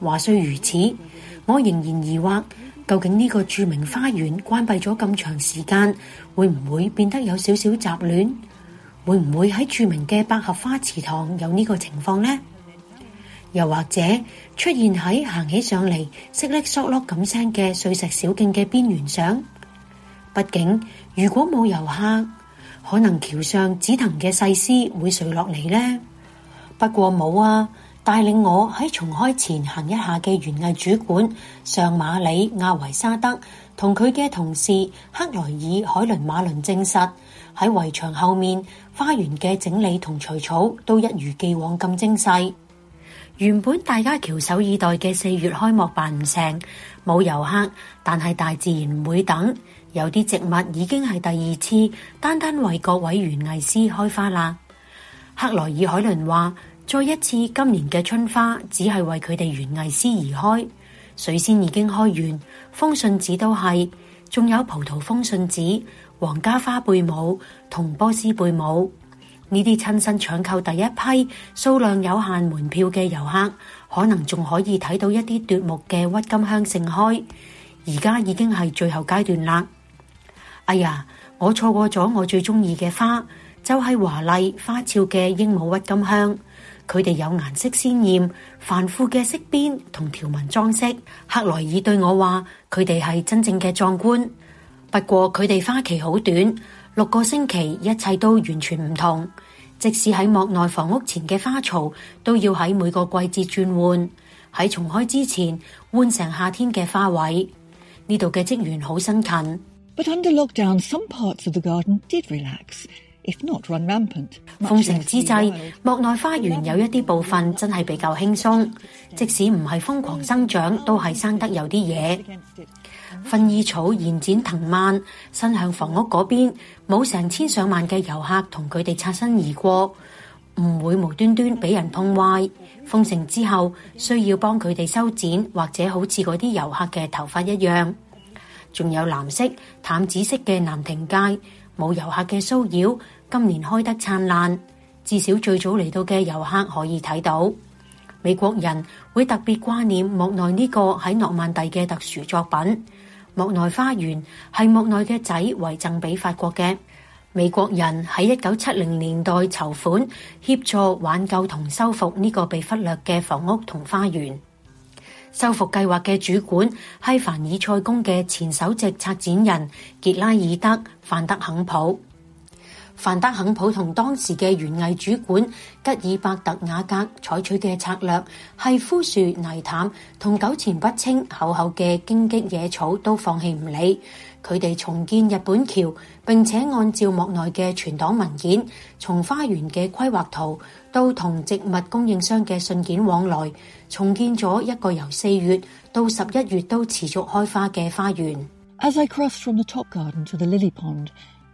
話雖如此，我仍然疑惑，究竟呢個著名花園關閉咗咁長時間，會唔會變得有少少雜亂？會唔會喺著名嘅百合花池塘有呢個情況呢？又或者出現喺行起上嚟淅瀝索落咁聲嘅碎石小徑嘅邊緣上？畢竟如果冇遊客，可能橋上紫藤嘅細絲會垂落嚟呢。不過冇啊。帶領我喺重開前行一下嘅園藝主管尚馬里亞維沙德同佢嘅同事克萊爾海倫馬倫證實，喺圍牆後面花園嘅整理同除草都一如既往咁精細。原本大家翹首以待嘅四月開幕辦唔成，冇遊客，但係大自然唔會等，有啲植物已經係第二次單單為各位園藝師開花啦。克萊爾海倫話。再一次，今年嘅春花只係為佢哋園藝師而開。水仙已經開完，風信子都係，仲有葡萄風信子、皇家花貝母同波斯貝母，呢啲親身搶購第一批數量有限門票嘅遊客，可能仲可以睇到一啲奪目嘅鬱金香盛開。而家已經係最後階段啦。哎呀，我錯過咗我最中意嘅花，就係華麗花俏嘅鸚鵡鬱金香。佢哋有顏色鮮豔、繁複嘅飾邊同條紋裝飾。克萊爾對我話：佢哋係真正嘅壯觀。不過佢哋花期好短，六個星期，一切都完全唔同。即使喺莫奈房屋前嘅花槽都要喺每個季節轉換，喺重開之前換成夏天嘅花位。呢度嘅職員好辛勤。But under lockdown, some parts of the garden did relax. 封城之際，莫奈花園有一啲部分真係比較輕鬆，即使唔係瘋狂生長，都係生得有啲嘢。薰衣草延展藤蔓，伸向房屋嗰邊，冇成千上萬嘅遊客同佢哋擦身而過，唔會無端端俾人碰壞。封城之後，需要幫佢哋修剪，或者好似嗰啲遊客嘅頭髮一樣。仲有藍色、淡紫色嘅南亭街，冇遊客嘅騷擾。今年開得燦爛，至少最早嚟到嘅遊客可以睇到。美國人會特別掛念莫奈呢個喺諾曼第嘅特殊作品。莫奈花園係莫奈嘅仔遺贈俾法國嘅。美國人喺一九七零年代籌款協助挽救同修復呢個被忽略嘅房屋同花園。修復計劃嘅主管係凡爾賽宮嘅前首席策展人傑拉爾德范德肯普。范德肯普同當時嘅園藝主管吉爾伯特雅格採取嘅策略係枯樹泥潭，同糾纏不清厚厚嘅荊棘野草都放棄唔理，佢哋重建日本橋，並且按照莫奈嘅存檔文件，從花園嘅規劃圖到同植物供應商嘅信件往來，重建咗一個由四月到十一月都持續開花嘅花園。As I cross from the top garden to the lily pond.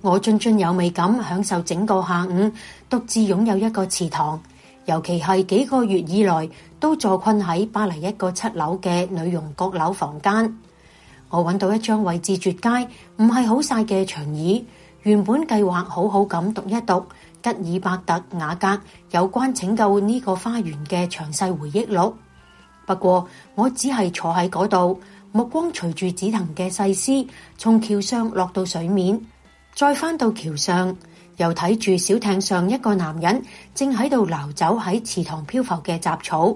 我津津有味咁享受整個下午，獨自擁有一個池塘，尤其係幾個月以來都坐困喺巴黎一個七樓嘅女傭閣樓房間。我搵到一張位置絕佳，唔係好曬嘅長椅。原本計劃好好咁讀一讀吉爾伯特雅格有關拯救呢個花園嘅詳細回憶錄，不過我只係坐喺嗰度，目光隨住紫藤嘅細絲從橋上落到水面。再返到橋上，又睇住小艇上一個男人正喺度撈走喺池塘漂浮嘅雜草。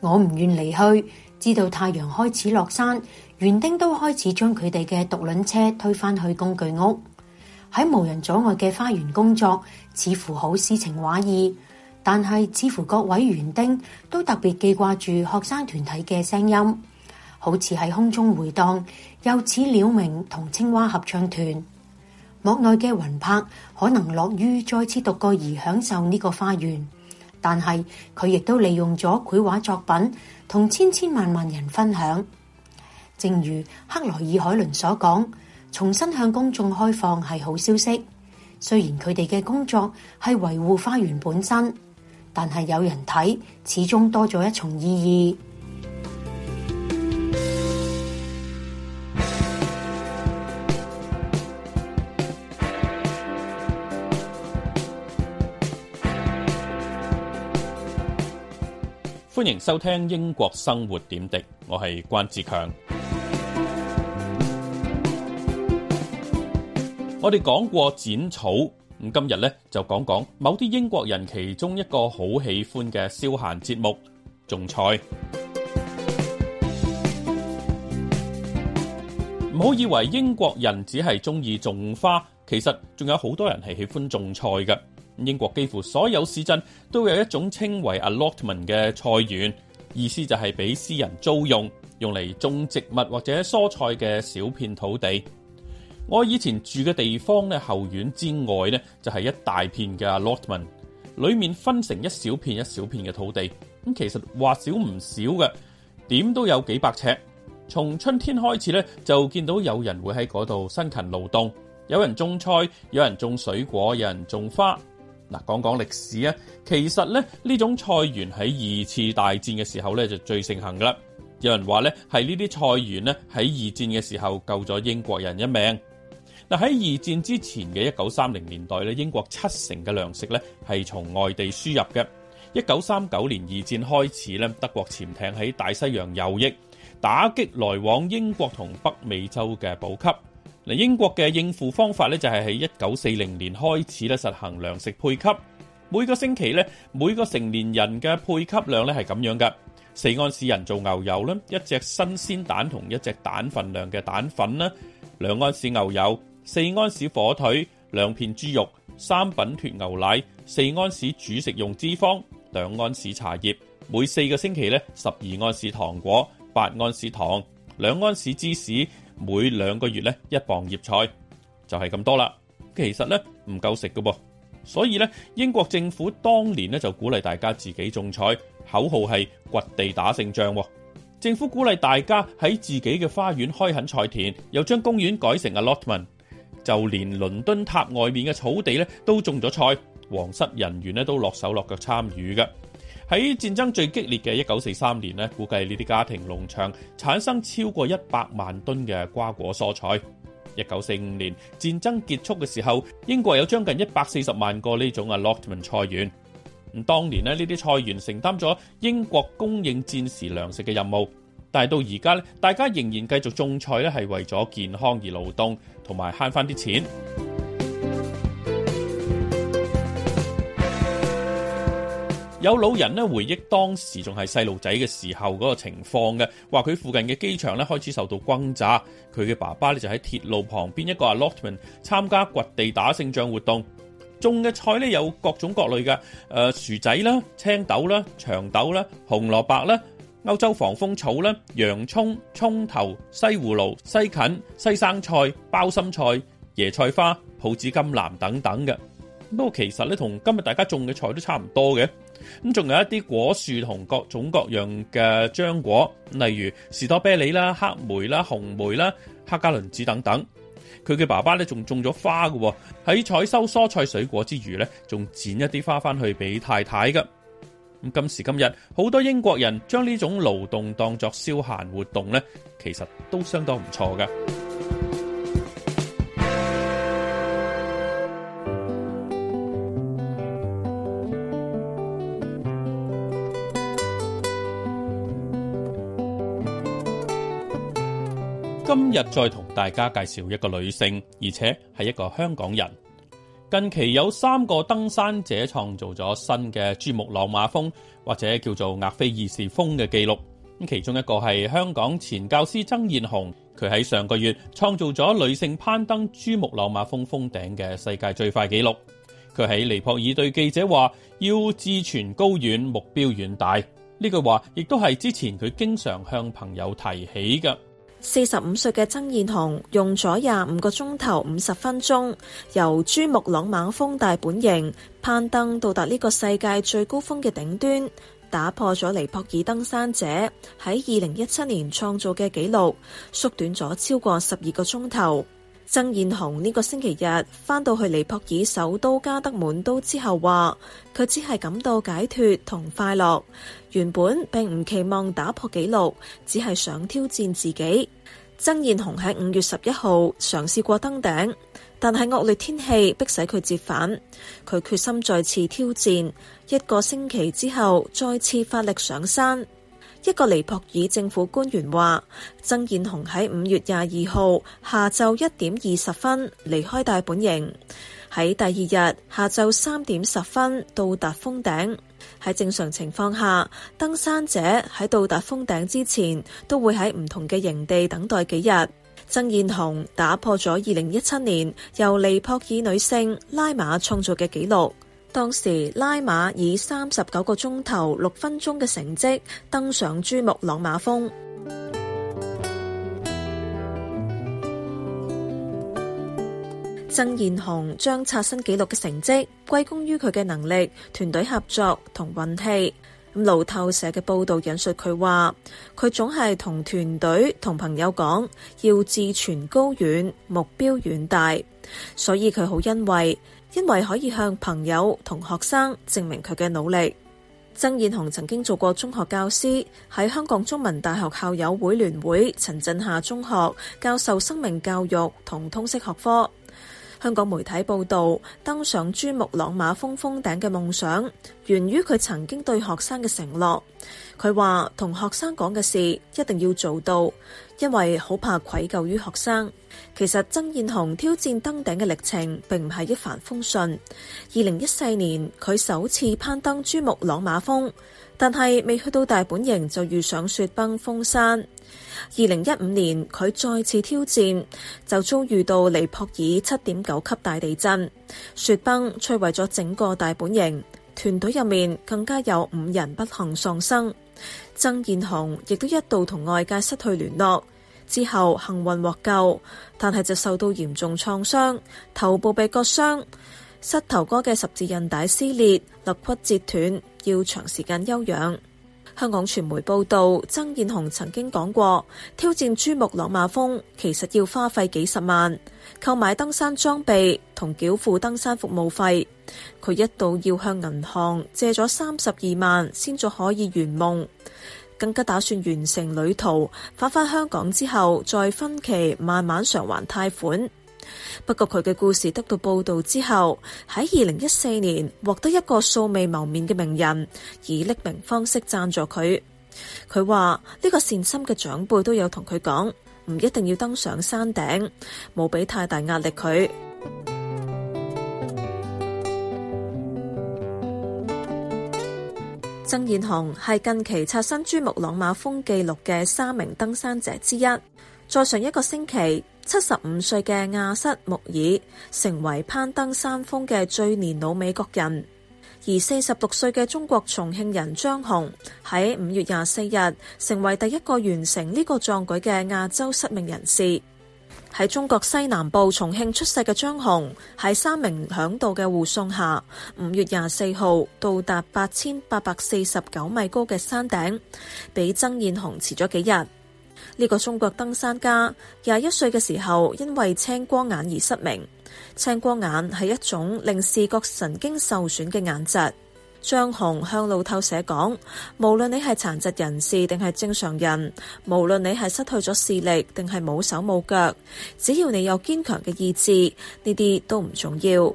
我唔願離去，知道太陽開始落山，園丁都開始將佢哋嘅獨輪車推返去工具屋。喺無人阻礙嘅花園工作，似乎好詩情畫意，但係似乎各位園丁都特別記掛住學生團體嘅聲音，好似喺空中回盪，又似鳥鳴同青蛙合唱團。幕內嘅魂魄可能樂於再次獨個而享受呢個花園，但係佢亦都利用咗繪畫作品同千千萬萬人分享。正如克萊爾海倫所講，重新向公眾開放係好消息。雖然佢哋嘅工作係維護花園本身，但係有人睇，始終多咗一重意義。歡迎收聽英國生活點滴，我係關志強。 我哋講過剪草，咁今日咧就講講某啲英國人其中一個好喜歡嘅消閒節目——種菜。唔好 以為英國人只係中意種花，其實仲有好多人係喜歡種菜嘅。英國幾乎所有市鎮都有一種稱為 allotment 嘅菜園，意思就係俾私人租用，用嚟種植物或者蔬菜嘅小片土地。我以前住嘅地方咧，後院之外呢，就係一大片嘅 allotment，裡面分成一小片一小片嘅土地。咁其實話少唔少嘅，點都有幾百尺。從春天開始呢，就見到有人會喺嗰度辛勤勞動，有人種菜，有人種水果，有人種花。嗱，講講歷史啊，其實咧呢種菜園喺二次大戰嘅時候咧就最盛行㗎喇。有人話咧係呢啲菜園咧喺二戰嘅時候救咗英國人一命。嗱，喺二戰之前嘅一九三零年代咧，英國七成嘅糧食咧係從外地輸入嘅。一九三九年二戰開始咧，德國潛艇喺大西洋遊弋打擊來往英國同北美洲嘅補給。英國嘅應付方法咧就係喺一九四零年開始咧實行糧食配給，每個星期咧每個成年人嘅配給量咧係咁樣嘅：四安士人造牛油啦，一隻新鮮蛋同一隻蛋份量嘅蛋粉啦，兩安士牛油，四安士火腿，兩片豬肉，三品脱牛奶，四安士煮食用脂肪，兩安士茶葉，每四個星期咧十二安士糖果，八安士糖，兩安士芝士。每兩個月咧一磅葉菜就係咁多啦。其實咧唔夠食嘅噃，所以咧英國政府當年咧就鼓勵大家自己種菜，口號係掘地打勝仗。政府鼓勵大家喺自己嘅花園開墾菜田，又將公園改成阿 lotment 就連倫敦塔外面嘅草地咧都種咗菜。皇室人員咧都落手落腳參與嘅。喺戰爭最激烈嘅一九四三年呢，估計呢啲家庭農場產生超過一百萬噸嘅瓜果蔬菜。一九四五年戰爭結束嘅時候，英國有將近一百四十萬個呢種嘅 allotment 菜園。咁當年咧，呢啲菜園承擔咗英國供應戰時糧食嘅任務。但係到而家咧，大家仍然繼續種菜咧，係為咗健康而勞動，同埋慳返啲錢。有老人咧，回憶當時仲係細路仔嘅時候嗰個情況嘅，話佢附近嘅機場咧，開始受到轟炸。佢嘅爸爸咧就喺鐵路旁邊一個 allotment 參加掘地打勝仗活動，種嘅菜咧有各種各類嘅，誒、呃、薯仔啦、青豆啦、長豆啦、紅蘿蔔啦、歐洲防風草啦、洋葱、葱頭、西葫蘆、西芹、西生菜、包心菜、椰菜花、抱子甘藍等等嘅。不過其實咧，同今日大家種嘅菜都差唔多嘅。咁仲有一啲果樹同各種各樣嘅漿果，例如士多啤梨啦、黑莓啦、紅莓啦、黑加崙子等等。佢嘅爸爸咧仲種咗花嘅，喺採收蔬菜水果之餘咧，仲剪一啲花翻去俾太太㗎。咁今時今日，好多英國人將呢種勞動當作消閒活動咧，其實都相當唔錯噶。日再同大家介紹一個女性，而且係一個香港人。近期有三個登山者創造咗新嘅珠穆朗瑪峰或者叫做額菲爾士峰嘅記錄。咁其中一個係香港前教師曾燕紅，佢喺上個月創造咗女性攀登珠穆朗瑪峰峰頂嘅世界最快紀錄。佢喺尼泊爾對記者話：要志存高遠，目標遠大。呢句話亦都係之前佢經常向朋友提起嘅。四十五歲嘅曾燕紅用咗廿五個鐘頭五十分鐘，由珠穆朗瑪峰大本營攀登到達呢個世界最高峰嘅頂端，打破咗尼泊爾登山者喺二零一七年創造嘅紀錄，縮短咗超過十二個鐘頭。曾燕紅呢個星期日返到去尼泊爾首都加德滿都之後，話佢只係感到解脱同快樂，原本並唔期望打破紀錄，只係想挑戰自己。曾燕紅喺五月十一號嘗試過登頂，但係惡劣天氣迫使佢折返，佢決心再次挑戰，一個星期之後再次發力上山。一個尼泊爾政府官員話，曾燕紅喺五月廿二號下晝一點二十分離開大本營，喺第二日下晝三點十分到達峰頂。喺正常情況下，登山者喺到達峰頂之前都會喺唔同嘅營地等待幾日。曾燕紅打破咗二零一七年由尼泊爾女性拉瑪創造嘅紀錄。當時拉馬以三十九個鐘頭六分鐘嘅成績登上珠穆朗瑪峰。 曾燕紅將刷新紀錄嘅成績歸功於佢嘅能力、團隊合作同運氣。路透社嘅報道引述佢話：佢總係同團隊同朋友講要志存高遠、目標遠大，所以佢好欣慰。因為可以向朋友同學生證明佢嘅努力，曾燕紅曾經做過中學教師，喺香港中文大學校友會聯會陳振夏中學教授生命教育同通識學科。香港媒體報道登上珠穆朗瑪峰峰頂嘅夢想，源於佢曾經對學生嘅承諾。佢話同學生講嘅事一定要做到，因為好怕愧疚於學生。其實曾燕紅挑戰登頂嘅歷程並唔係一帆風順。二零一四年佢首次攀登珠穆朗瑪峰，但係未去到大本營就遇上雪崩封山。二零一五年佢再次挑戰，就遭遇到尼泊爾七點九級大地震，雪崩摧毀咗整個大本營，團隊入面更加有五人不幸喪生。曾燕紅亦都一度同外界失去聯絡。之後幸運獲救，但係就受到嚴重創傷，頭部被割傷，膝頭哥嘅十字韌帶撕裂，肋骨折斷，要長時間休養。香港傳媒報道，曾燕紅曾經講過，挑戰珠穆朗瑪峰其實要花費幾十萬，購買登山裝備同繳付登山服務費，佢一度要向銀行借咗三十二萬先至可以圓夢。更加打算完成旅途，返返香港之後再分期慢慢償還貸款。不過佢嘅故事得到報道之後，喺二零一四年獲得一個素未謀面嘅名人以匿名方式贊助佢。佢話呢個善心嘅長輩都有同佢講，唔一定要登上山頂，冇俾太大壓力佢。曾燕雄係近期刷新珠穆朗瑪峰紀錄嘅三名登山者之一。再上一個星期，七十五歲嘅亞瑟穆爾成為攀登山峰嘅最年老美國人，而四十六歲嘅中國重慶人張洪喺五月廿四日成為第一個完成呢個壯舉嘅亞洲失明人士。喺中國西南部重慶出世嘅張紅，喺三名嚮導嘅護送下，五月廿四號到達八千八百四十九米高嘅山頂，比曾燕紅遲咗幾日。呢個中國登山家廿一歲嘅時候，因為青光眼而失明。青光眼係一種令視覺神經受損嘅眼疾。張紅向路透社講：無論你係殘疾人士定係正常人，無論你係失去咗視力定係冇手冇腳，只要你有堅強嘅意志，呢啲都唔重要。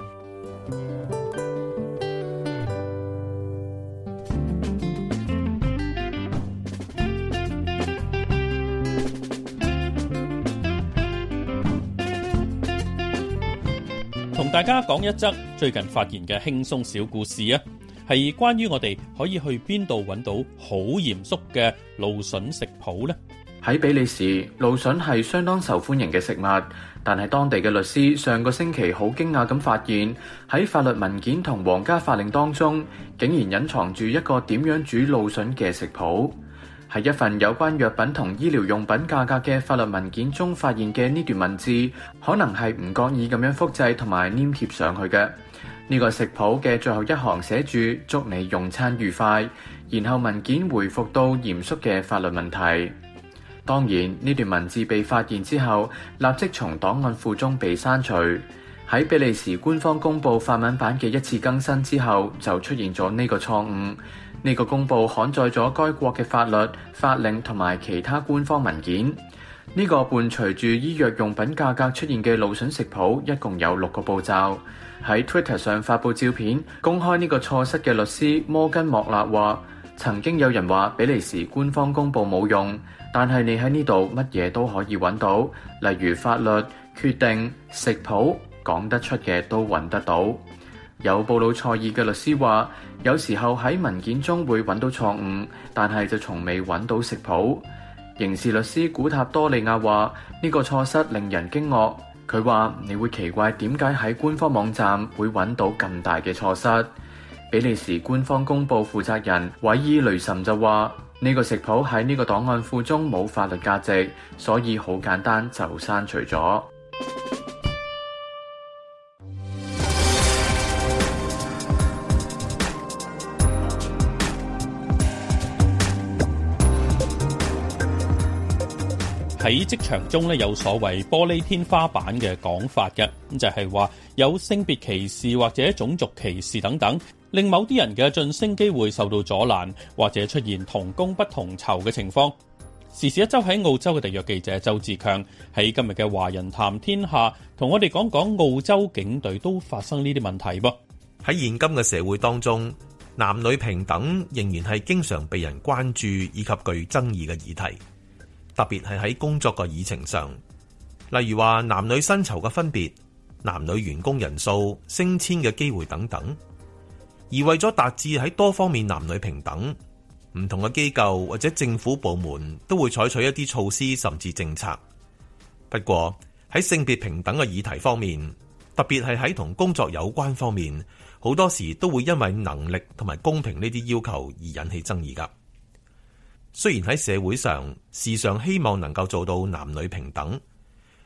同大家講一則最近發現嘅輕鬆小故事啊！係關於我哋可以去邊度搵到好嚴肅嘅蘆筍食譜呢？喺比利時，蘆筍係相當受歡迎嘅食物，但係當地嘅律師上個星期好驚訝咁發現，喺法律文件同皇家法令當中，竟然隱藏住一個點樣煮蘆筍嘅食譜。係一份有關藥品同醫療用品價格嘅法律文件中發現嘅呢段文字，可能係唔覺意咁樣複製同埋黏貼上去嘅。呢個食譜嘅最後一行寫住祝你用餐愉快，然後文件回復到嚴肅嘅法律問題。當然，呢段文字被發現之後，立即從檔案庫中被刪除。喺比利時官方公佈法文版嘅一次更新之後，就出現咗呢個錯誤。呢個公佈刊載咗該國嘅法律、法令同埋其他官方文件。呢個伴隨住醫藥用品價格出現嘅蘆筍食譜，一共有六個步驟。喺 Twitter 上發布照片，公開呢個錯失嘅律師摩根莫納話：曾經有人話比利時官方公佈冇用，但係你喺呢度乜嘢都可以揾到，例如法律、決定、食譜，講得出嘅都揾得到。有布魯塞爾嘅律師話：有時候喺文件中會揾到錯誤，但係就從未揾到食譜。刑事律師古塔多利亞話：呢個錯失令人驚愕。佢話：你會奇怪點解喺官方網站會揾到咁大嘅錯失？比利時官方公佈負責人韋伊雷神就話：呢個食譜喺呢個檔案庫中冇法律價值，所以好簡單就刪除咗。喺職場中咧，有所謂玻璃天花板嘅講法嘅，咁就係話有性別歧視或者種族歧視等等，令某啲人嘅晉升機會受到阻攔，或者出現同工不同酬嘅情況。時事一周喺澳洲嘅特約記者周志強喺今日嘅華人談天下同我哋講講澳洲警隊都發生呢啲問題噃。喺現今嘅社會當中，男女平等仍然係經常被人關注以及具爭議嘅議題。特別係喺工作嘅議程上，例如話男女薪酬嘅分別、男女員工人數、升遷嘅機會等等。而為咗達至喺多方面男女平等，唔同嘅機構或者政府部門都會採取一啲措施甚至政策。不過喺性別平等嘅議題方面，特別係喺同工作有關方面，好多時都會因為能力同埋公平呢啲要求而引起爭議㗎。雖然喺社會上時常希望能夠做到男女平等，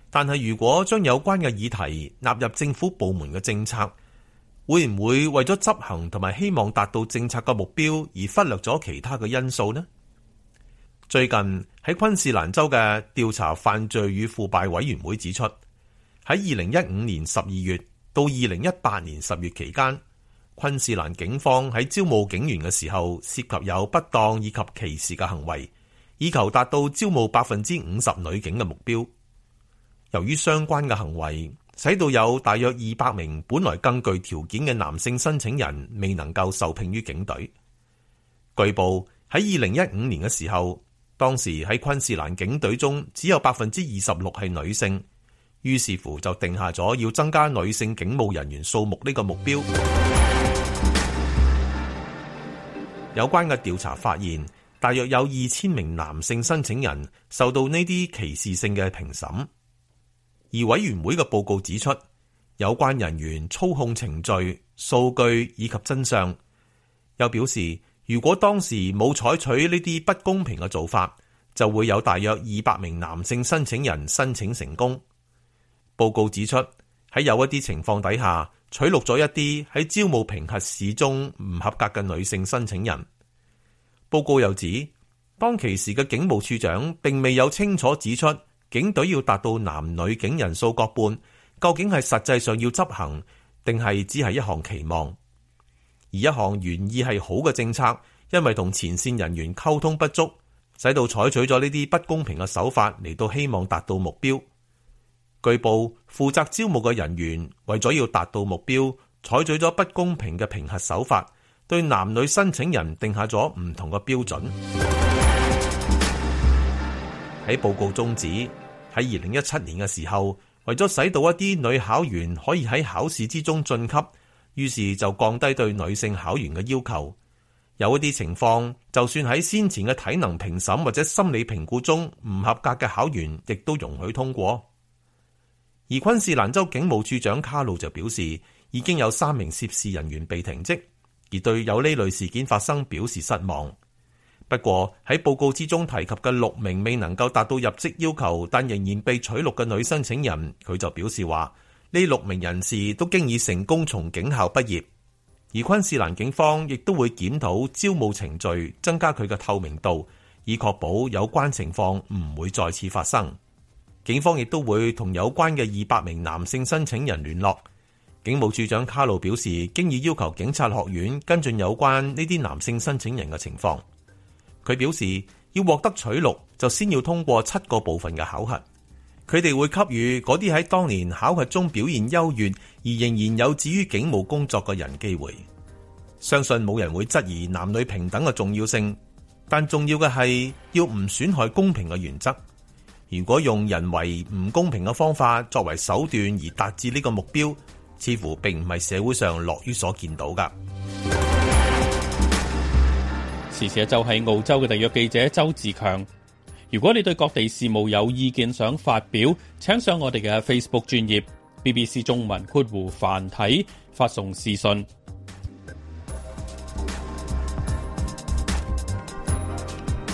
但係如果將有關嘅議題納入政府部門嘅政策，會唔會為咗執行同埋希望達到政策嘅目標而忽略咗其他嘅因素呢？最近喺昆士蘭州嘅調查犯罪與腐敗委員會指出，喺二零一五年十二月到二零一八年十月期間，昆士蘭警方喺招募警員嘅時候，涉及有不當以及歧視嘅行為，以求達到招募百分之五十女警嘅目標。由於相關嘅行為，使到有大約二百名本來更具條件嘅男性申請人未能夠受聘於警隊。據報喺二零一五年嘅時候，當時喺昆士蘭警隊中只有百分之二十六係女性，於是乎就定下咗要增加女性警務人員數目呢個目標。有關嘅調查發現，大約有二千名男性申請人受到呢啲歧視性嘅評審。而委員會嘅報告指出，有關人員操控程序、數據以及真相，又表示，如果當時冇採取呢啲不公平嘅做法，就會有大約二百名男性申請人申請成功。報告指出，喺有一啲情況底下。取錄咗一啲喺招募評核試中唔合格嘅女性申請人。報告又指，當其時嘅警務處長並未有清楚指出警隊要達到男女警人數各半，究竟係實際上要執行，定係只係一項期望。而一項原意係好嘅政策，因為同前線人員溝通不足，使到採取咗呢啲不公平嘅手法嚟到希望達到目標。據報，負責招募嘅人員為咗要達到目標，採取咗不公平嘅評核手法，對男女申請人定下咗唔同嘅標準。喺 報告中指，喺二零一七年嘅時候，為咗使到一啲女考員可以喺考試之中晉級，於是就降低對女性考員嘅要求。有一啲情況，就算喺先前嘅體能評審或者心理評估中唔合格嘅考員，亦都容許通過。而昆士蘭州警務處長卡魯就表示，已經有三名涉事人員被停職，而對有呢類事件發生表示失望。不過喺報告之中提及嘅六名未能夠達到入職要求但仍然被取錄嘅女申請人，佢就表示話呢六名人士都經已成功從警校畢業。而昆士蘭警方亦都會檢討招募程序，增加佢嘅透明度，以確保有關情況唔會再次發生。警方亦都會同有關嘅二百名男性申請人聯絡。警務處長卡魯表示，經已要求警察學院跟進有關呢啲男性申請人嘅情況。佢表示，要獲得取錄就先要通過七個部分嘅考核。佢哋會給予嗰啲喺當年考核中表現優越而仍然有志於警務工作嘅人機會。相信冇人會質疑男女平等嘅重要性，但重要嘅係要唔損害公平嘅原則。如果用人為唔公平嘅方法作為手段而達至呢個目標，似乎並唔係社會上樂於所見到噶。時事嘅就係澳洲嘅特約記者周志強。如果你對各地事務有意見想發表，請上我哋嘅 Facebook 專頁 BBC 中文括弧繁體發送私信。